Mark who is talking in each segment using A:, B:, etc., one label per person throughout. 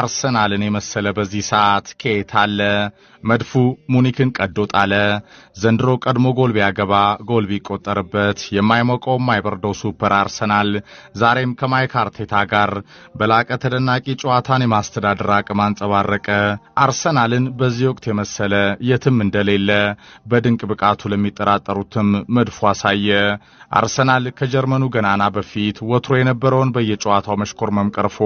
A: አርሰናልን የመሰለ በዚህ ሰዓት ከየት አለ? መድፉ ሙኒክን ቀዶ ጣለ። ዘንድሮ ቀድሞ ጎል ቢያገባ ጎል ቢቆጠርበት የማይሞቀው የማይበርደው ሱፐር አርሰናል ዛሬም ከማይክ አርቴታ ጋር በላቀ ተደናቂ ጨዋታን የማስተዳደር አቅም አንጸባረቀ። አርሰናልን በዚህ ወቅት የመሰለ የትም እንደሌለ በድንቅ ብቃቱ ለሚጠራጠሩትም መድፉ አሳየ። አርሰናል ከጀርመኑ ገናና በፊት ወትሮ የነበረውን በየጨዋታው መሽኮር መምቀርፎ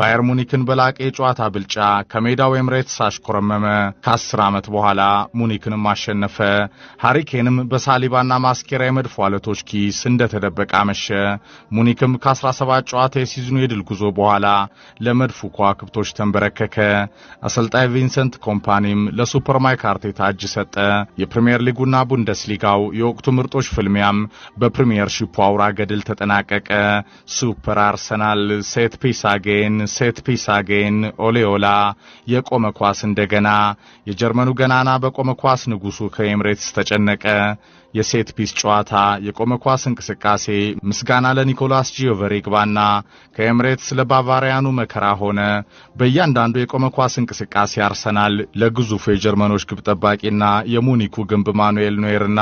A: ባየር ሙኒክን በላቀ የጨዋታ ብልጫ ከሜዳው ኤምሬትስ አሽኮረመመ። ከአስር ዓመት በኋላ ሙኒክንም አሸነፈ። ሃሪኬንም በሳሊባና ማስኬራ የመድፎ አለቶች ኪስ እንደተደበቀ አመሸ። ሙኒክም ከ17 ጨዋታ የሲዝኑ የድል ጉዞ በኋላ ለመድፉ ከዋክብቶች ተንበረከከ። አሰልጣኝ ቪንሰንት ኮምፓኒም ለሱፐር ማይክ አርቴታ እጅ ሰጠ። የፕሪምየር ሊጉና ቡንደስሊጋው የወቅቱ ምርጦች ፍልሚያም በፕሪምየር ሺፑ አውራ ገድል ተጠናቀቀ። ሱፐር አርሰናል ሴት ፒስ አጌን ሴት ፒስ አጌን ኦርንስታይን ኦሌዮላ የቆመ ኳስ እንደገና የጀርመኑ ገናና በቆመ ኳስ ንጉሱ ከኤምሬትስ ተጨነቀ። የሴት ፒስ ጨዋታ፣ የቆመ ኳስ እንቅስቃሴ ምስጋና ለኒኮላስ ጂዮቨር ይግባና ከኤምሬትስ ለባቫሪያኑ መከራ ሆነ። በእያንዳንዱ የቆመ ኳስ እንቅስቃሴ አርሰናል ለግዙፉ የጀርመኖች ግብ ጠባቂና የሙኒኩ ግንብ ማኑኤል ኖየርና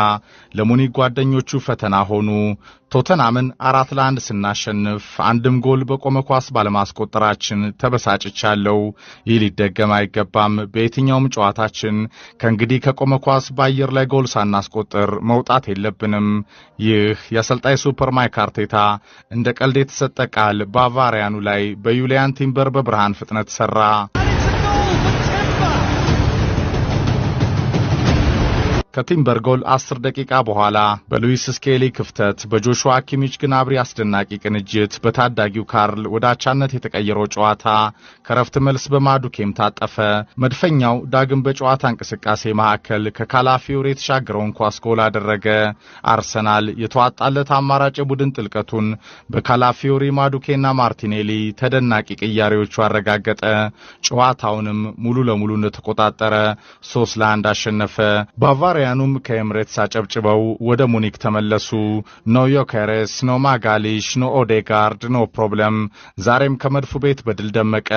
A: ለሙኒክ ጓደኞቹ ፈተና ሆኑ። ቶተናምን አራት ለአንድ ስናሸንፍ አንድም ጎል በቆመ ኳስ ባለማስቆጠራችን ተበሳጭቻለሁ። ይህ ሊደገም አይገባም። በየትኛውም ጨዋታችን ከእንግዲህ ከቆመ ኳስ በአየር ላይ ጎል ሳናስቆጥር መውጣት የለብንም። ይህ የአሰልጣኝ ሱፐር ማይክ አርቴታ እንደ ቀልድ የተሰጠ ቃል ባቫሪያኑ ላይ በዩሊያን ቲምበር በብርሃን ፍጥነት ሰራ። ከቲምበርጎል 10 ደቂቃ በኋላ በሉዊስ ስኬሊ ክፍተት በጆሹዋ ኪሚች አብሪ አስደናቂ ቅንጅት በታዳጊው ካርል ወደ አቻነት የተቀየረው ጨዋታ ከረፍት መልስ በማዱኬም ታጠፈ። መድፈኛው ዳግም በጨዋታ እንቅስቃሴ መካከል ከካላፊዮሪ የተሻገረውን ኳስ ጎል አደረገ። አርሰናል የተዋጣለት አማራጭ የቡድን ጥልቀቱን በካላፊዮሪ ማዱኬና ማርቲኔሊ ተደናቂ ቅያሬዎቹ አረጋገጠ። ጨዋታውንም ሙሉ ለሙሉ እንደተቆጣጠረ ሶስት ለአንድ አሸነፈ። ባቫሪ ኢትዮጵያውያኑም ከኤምሬትስ አጨብጭበው ወደ ሙኒክ ተመለሱ። ኖ ዮኬሬስ፣ ኖ ማጋሊሽ፣ ኖ ኦዴጋርድ፣ ኖ ፕሮብለም። ዛሬም ከመድፉ ቤት በድል ደመቀ።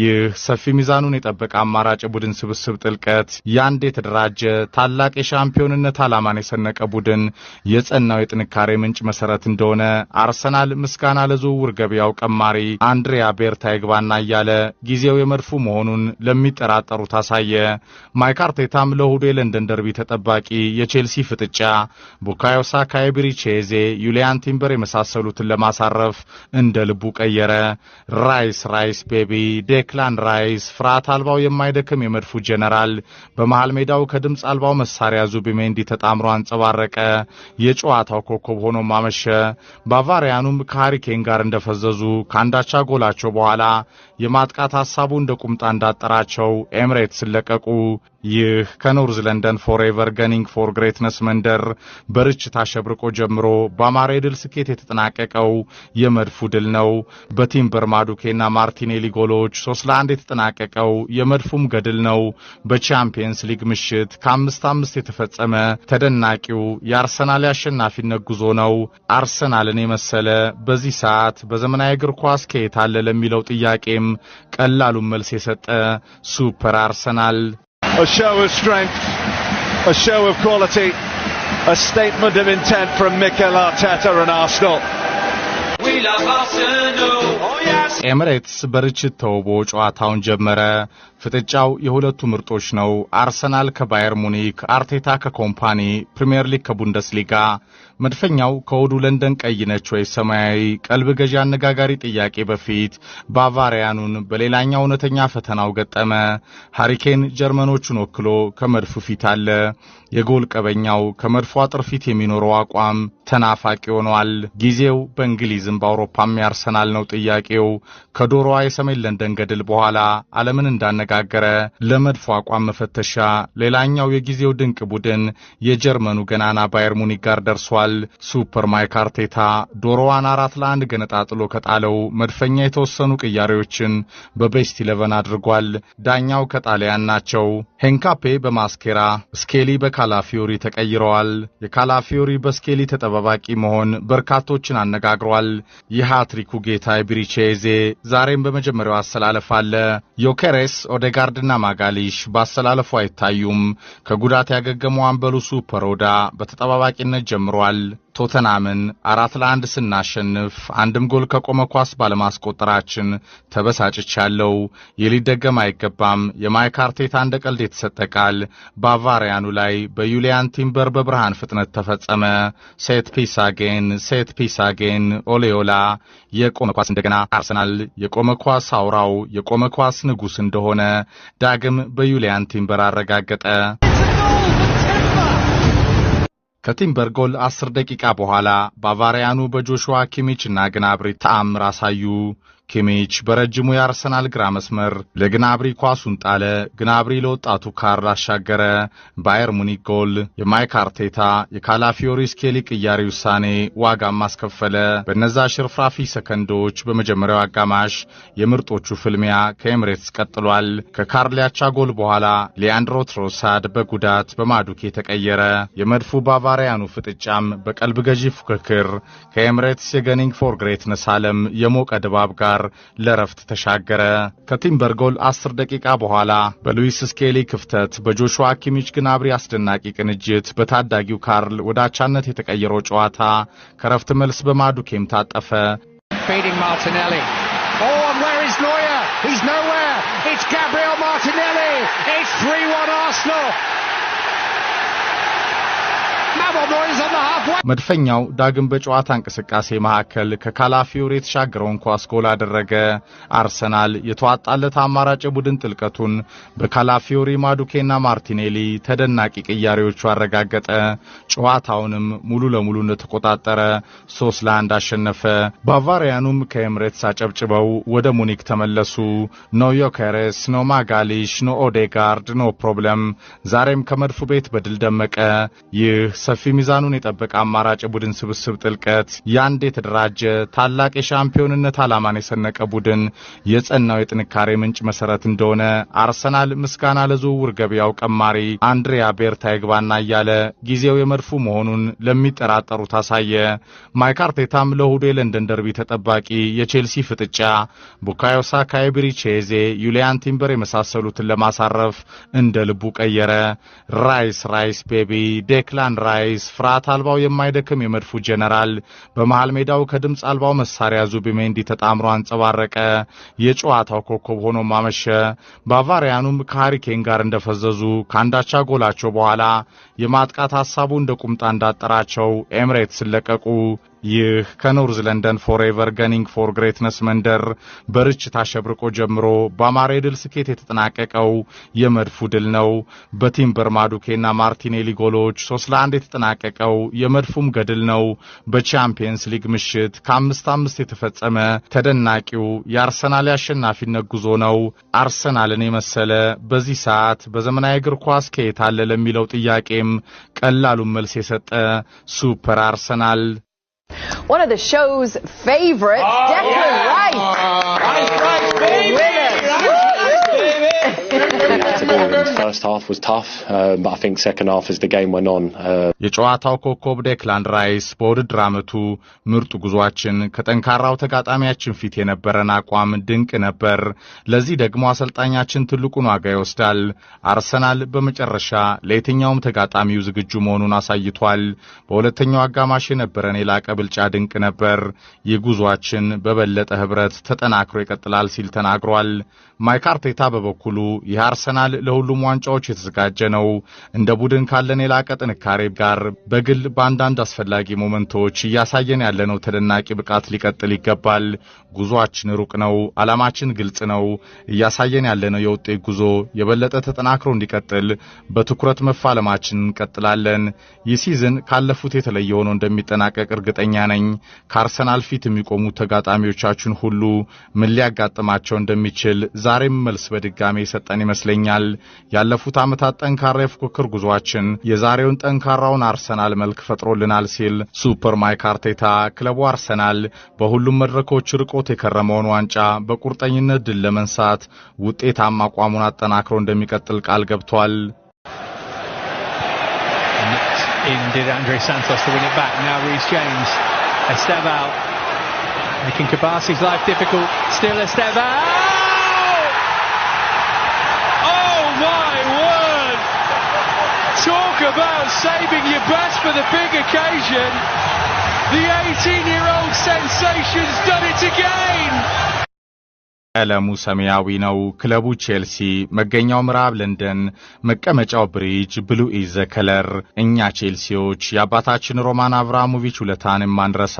A: ይህ ሰፊ ሚዛኑን የጠበቀ አማራጭ ቡድን ስብስብ ጥልቀት ያንድ የተደራጀ ታላቅ የሻምፒዮንነት ዓላማን የሰነቀ ቡድን የጸናው የጥንካሬ ምንጭ መሰረት እንደሆነ አርሰናል ምስጋና ለዝውውር ገበያው ቀማሪ አንድሪያ ቤርታ ይግባና እያለ ጊዜው የመድፉ መሆኑን ለሚጠራጠሩት አሳየ። ማይክ አርቴታም ለእሁዱ የለንደን ደርቢ ተጠባቂ የቼልሲ ፍጥጫ ቡካዮ ሳካ፣ የብሪቼዜ፣ ዩሊያን ቲምበር የመሳሰሉትን ለማሳረፍ እንደ ልቡ ቀየረ። ራይስ ራይስ ቤቢ ዴክ የክላን ራይስ ፍርሃት አልባው የማይደክም የመድፉ ጀነራል በመሃል ሜዳው ከድምፅ አልባው መሳሪያ ዙቢሜንዲ ተጣምሮ አንጸባረቀ። የጨዋታው ኮከብ ሆኖ ማመሸ። ባቫሪያኑም ከሃሪኬን ጋር እንደፈዘዙ ከአንዳቻ ጎላቸው በኋላ የማጥቃት ሐሳቡ እንደ ቁምጣ እንዳጠራቸው ኤምሬት ለቀቁ። ይህ ከኖርዝ ለንደን ፎሬቨር ገኒንግ ፎር ግሬትነስ መንደር በርችት አሸብርቆ ጀምሮ በአማራ የድል ስኬት የተጠናቀቀው የመድፉ ድል ነው። በቲምበር ማዱኬና ማርቲኔሊ ጎሎች ሶስት ለአንድ የተጠናቀቀው የመድፉም ገድል ነው። በቻምፒየንስ ሊግ ምሽት ከአምስት አምስት የተፈጸመ ተደናቂው የአርሰናል አሸናፊነት ጉዞ ነው። አርሰናልን የመሰለ በዚህ ሰዓት በዘመናዊ እግር ኳስ ከየት አለ ለሚለው ጥያቄም ቀላሉን መልስ የሰጠ ሱፐር አርሰናል a show of strength, a show of quality, a statement of intent from Mikel Arteta and Arsenal. We love Arsenal. ኤምሬትስ በርችት ተውቦ ጨዋታውን ጀመረ። ፍጥጫው የሁለቱ ምርጦች ነው። አርሰናል ከባየር ሙኒክ፣ አርቴታ ከኮምፓኒ፣ ፕሪምየር ሊግ ከቡንደስሊጋ መድፈኛው ከወዱ ለንደን ቀይ ነች ወይ ሰማያዊ ቀልብ ገዢ አነጋጋሪ ጥያቄ በፊት ባቫሪያኑን በሌላኛው እውነተኛ ፈተናው ገጠመ። ሃሪኬን ጀርመኖቹን ወክሎ ከመድፉ ፊት አለ። የጎል ቀበኛው ከመድፉ አጥር ፊት የሚኖረው አቋም ተናፋቂ ሆኗል። ጊዜው በእንግሊዝም በአውሮፓም ያርሰናል ነው ጥያቄው። ከዶሮዋ የሰሜን ለንደን ገድል በኋላ ዓለምን እንዳነጋገረ ለመድፎ አቋም መፈተሻ ሌላኛው የጊዜው ድንቅ ቡድን የጀርመኑ ገናና ባየር ሙኒክ ጋር ደርሷል። አድርጓል። ሱፐር ማይክ አርቴታ ዶሮዋን አራት ለአንድ ገነጣጥሎ ከጣለው መድፈኛ የተወሰኑ ቅያሬዎችን በቤስት ኢለቨን አድርጓል። ዳኛው ከጣሊያን ናቸው። ሄንካፔ በማስኬራ ስኬሊ በካላፊዮሪ ተቀይረዋል። የካላፊዮሪ በስኬሊ ተጠባባቂ መሆን በርካቶችን አነጋግሯል። የሃትሪኩ ጌታ የብሪቼዜ ዛሬም በመጀመሪያው አሰላለፍ አለ። ዮኬሬስ፣ ኦዴጋርድና ማጋሊሽ በአሰላለፉ አይታዩም። ከጉዳት ያገገመው አንበሉ ሱፐሮዳ በተጠባባቂነት ጀምሯል። አርሰናል ቶተናምን አራት ለአንድ ስናሸንፍ አንድም ጎል ከቆመ ኳስ ባለማስቆጠራችን ተበሳጭቻለሁ። ይህ ሊደገም አይገባም። የማይክ አርቴታ እንደ ቀልድ የተሰጠ ቃል ባቫሪያኑ ላይ በዩሊያን ቲምበር በብርሃን ፍጥነት ተፈጸመ። ሴት ፒሳጌን ሴት ፒሳጌን ኦሌዮላ የቆመ ኳስ እንደገና አርሰናል የቆመ ኳስ አውራው የቆመ ኳስ ንጉሥ እንደሆነ ዳግም በዩሊያን ቲምበር አረጋገጠ። ከቲምበርጎል አስር ደቂቃ በኋላ ባቫሪያኑ በጆሹዋ ኪሚችና ግናብሪ ተአምር አሳዩ። ኪሚች በረጅሙ የአርሰናል ግራ መስመር ለግናብሪ ኳሱን ጣለ። ግናብሪ ለወጣቱ ካር አሻገረ። ባየር ሙኒክ ጎል። የማይክ አርቴታ የካላፊዮሪ ስኬሊ ቅያሪ ውሳኔ ዋጋም አስከፈለ። በነዛ ሽርፍራፊ ሰከንዶች በመጀመሪያው አጋማሽ የምርጦቹ ፍልሚያ ከኤምሬትስ ቀጥሏል። ሊያቻ ጎል በኋላ ሊያንድሮ ትሮሳድ በጉዳት በማዱኬ ተቀየረ። የመድፉ ባቫሪያኑ ፍጥጫም በቀልብ ገዢ ፉክክር ከኤምሬትስ የገኒንግ ፎር ግሬትነስ ዓለም የሞቀ ድባብ ጋር ጋር ለረፍት ተሻገረ። ከቲምበርጎል 10 ደቂቃ በኋላ በሉዊስ ስኬሊ ክፍተት፣ በጆሹዋ ኪሚች ግን አብሪ አስደናቂ ቅንጅት በታዳጊው ካርል ወዳቻነት የተቀየረው ጨዋታ ከረፍት መልስ በማዱኬም ታጠፈ። መድፈኛው ዳግም በጨዋታ እንቅስቃሴ መካከል ከካላፊዮሪ የተሻገረውን ኳስ ጎል አደረገ። አርሰናል የተዋጣለት አማራጭ ቡድን ጥልቀቱን በካላፊዮሪ ማዱኬና ማርቲኔሊ ተደናቂ ቅያሬዎቹ አረጋገጠ። ጨዋታውንም ሙሉ ለሙሉ እንደተቆጣጠረ ሶስት ለአንድ አሸነፈ። ባቫሪያኑም ከኤምሬትስ አጨብጭበው ወደ ሙኒክ ተመለሱ። ኖ ዮከሬስ፣ ኖ ማጋሊሽ፣ ኖ ኦዴጋርድ፣ ኖ ፕሮብለም። ዛሬም ከመድፉ ቤት በድል ደመቀ። ይህ ሰፊ ሚዛኑን የጠበቀ አማራጭ ቡድን ስብስብ ጥልቀት፣ ያንድ የተደራጀ ታላቅ የሻምፒዮንነት ዓላማን የሰነቀ ቡድን የጸናው የጥንካሬ ምንጭ መሰረት እንደሆነ አርሰናል ምስጋና ለዝውውር ገበያው ቀማሪ አንድሪያ ቤርታ ይግባና እያለ ጊዜው የመድፉ መሆኑን ለሚጠራጠሩት አሳየ። ማይክ አርቴታም ለእሁዱ የለንደን ደርቢ ተጠባቂ የቼልሲ ፍጥጫ ቡካዮ ሳካ፣ ቼዜ፣ ዩሊያን ቲምበር የመሳሰሉትን ለማሳረፍ እንደ ልቡ ቀየረ። ራይስ ራይስ ቤቢ ዴክላን ራይስ ፍርሃት አልባው የማይደክም የመድፉ ጀነራል በመሃል ሜዳው ከድምፅ አልባው መሳሪያ ዙቢሜንዲ ተጣምሮ አንጸባረቀ። የጨዋታው ኮከብ ሆኖ ማመሸ። ባቫሪያኑም ከሃሪኬን ጋር እንደፈዘዙ ከአንዳቻ ጎላቸው በኋላ የማጥቃት ሐሳቡ እንደ ቁምጣ እንዳጠራቸው ኤምሬት ለቀቁ። ይህ ከኖርዝ ለንደን ፎሬቨር ገኒንግ ፎር ግሬትነስ መንደር በርችት አሸብርቆ ጀምሮ በአማራ የድል ስኬት የተጠናቀቀው የመድፉ ድል ነው። በቲምበር ማዱኬና ማርቲኔሊ ጎሎች ሶስት ለአንድ የተጠናቀቀው የመድፉም ገድል ነው። በቻምፒየንስ ሊግ ምሽት ከአምስት አምስት የተፈጸመ ተደናቂው የአርሰናል አሸናፊነት ጉዞ ነው። አርሰናልን የመሰለ በዚህ ሰዓት በዘመናዊ እግር ኳስ ከየት አለ ለሚለው ጥያቄም ቀላሉን መልስ የሰጠ ሱፐር አርሰናል One of the show's favorites, oh, Declan yeah. Rice. Um, uh, uh, የጨዋታው ኮከብ ዴክላንድ ራይስ በውድድር ዓመቱ ምርጡ ጉዟችን ከጠንካራው ተጋጣሚያችን ፊት የነበረን አቋም ድንቅ ነበር። ለዚህ ደግሞ አሰልጣኛችን ትልቁን ዋጋ ይወስዳል። አርሰናል በመጨረሻ ለየትኛውም ተጋጣሚው ዝግጁ መሆኑን አሳይቷል። በሁለተኛው አጋማሽ የነበረን የላቀ ብልጫ ድንቅ ነበር። ይህ ጉዟችን በበለጠ ህብረት ተጠናክሮ ይቀጥላል ሲል ተናግሯል። ማይክ አርቴታ በበኩሉ ይህ አርሰናል ለሁሉም ዋንጫዎች የተዘጋጀ ነው። እንደ ቡድን ካለን የላቀ ጥንካሬ ጋር በግል በአንዳንድ አስፈላጊ ሞመንቶች እያሳየን ያለነው ተደናቂ ብቃት ሊቀጥል ይገባል። ጉዞአችን ሩቅ ነው። ዓላማችን ግልጽ ነው። እያሳየን ያለነው የውጤት ጉዞ የበለጠ ተጠናክሮ እንዲቀጥል በትኩረት መፋለማችን እንቀጥላለን። ይህ ሲዝን ካለፉት የተለየ ሆኖ እንደሚጠናቀቅ እርግጠኛ ነኝ። ከአርሰናል ፊት የሚቆሙ ተጋጣሚዎቻችን ሁሉ ምን ሊያጋጥማቸው እንደሚችል ዛሬም መልስ በድጋሜ የሰጠን ይመስለኛል። አድርገናል። ያለፉት ዓመታት ጠንካራ የፉክክር ጉዟችን የዛሬውን ጠንካራውን አርሰናል መልክ ፈጥሮልናል ሲል ሱፐር ማይክ አርቴታ ክለቡ አርሰናል በሁሉም መድረኮች ርቆት የከረመውን ዋንጫ በቁርጠኝነት ድል ለመንሳት ውጤታማ አቋሙን አጠናክሮ እንደሚቀጥል ቃል ገብቷል። Esteban making Kabasi's life difficult. Still Esteban! about saving your best for the big occasion. The 18 year old sensation's done it again. ቀለሙ ሰማያዊ ነው። ክለቡ ቼልሲ፣ መገኛው ምዕራብ ለንደን፣ መቀመጫው ብሪጅ ብሉ ኢዘ ከለር። እኛ ቼልሲዎች የአባታችን ሮማን አብርሃሞቪች ውለታን የማንረሳ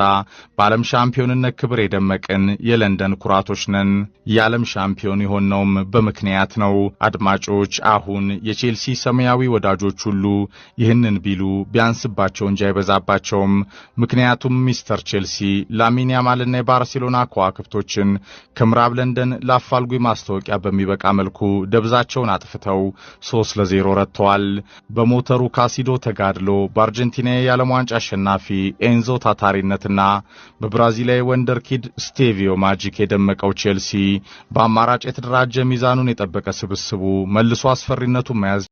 A: በዓለም ሻምፒዮንነት ክብር የደመቅን የለንደን ኩራቶች ነን። የዓለም ሻምፒዮን የሆነውም በምክንያት ነው። አድማጮች፣ አሁን የቼልሲ ሰማያዊ ወዳጆች ሁሉ ይህንን ቢሉ ቢያንስባቸው እንጂ አይበዛባቸውም። ምክንያቱም ሚስተር ቼልሲ ላሚን ያማልና የባርሴሎና ከዋክብቶችን ከምዕራብ ለንደን ቀን ለአፋልጉኝ ማስታወቂያ በሚበቃ መልኩ ደብዛቸውን አጥፍተው ሶስት ለዜሮ ረጥተዋል። በሞተሩ ካሲዶ ተጋድሎ በአርጀንቲና የዓለም ዋንጫ አሸናፊ ኤንዞ ታታሪነትና በብራዚላዊ ወንደርኪድ ስቴቪዮ ማጂክ የደመቀው ቼልሲ በአማራጭ የተደራጀ ሚዛኑን የጠበቀ ስብስቡ መልሶ አስፈሪነቱን መያዝ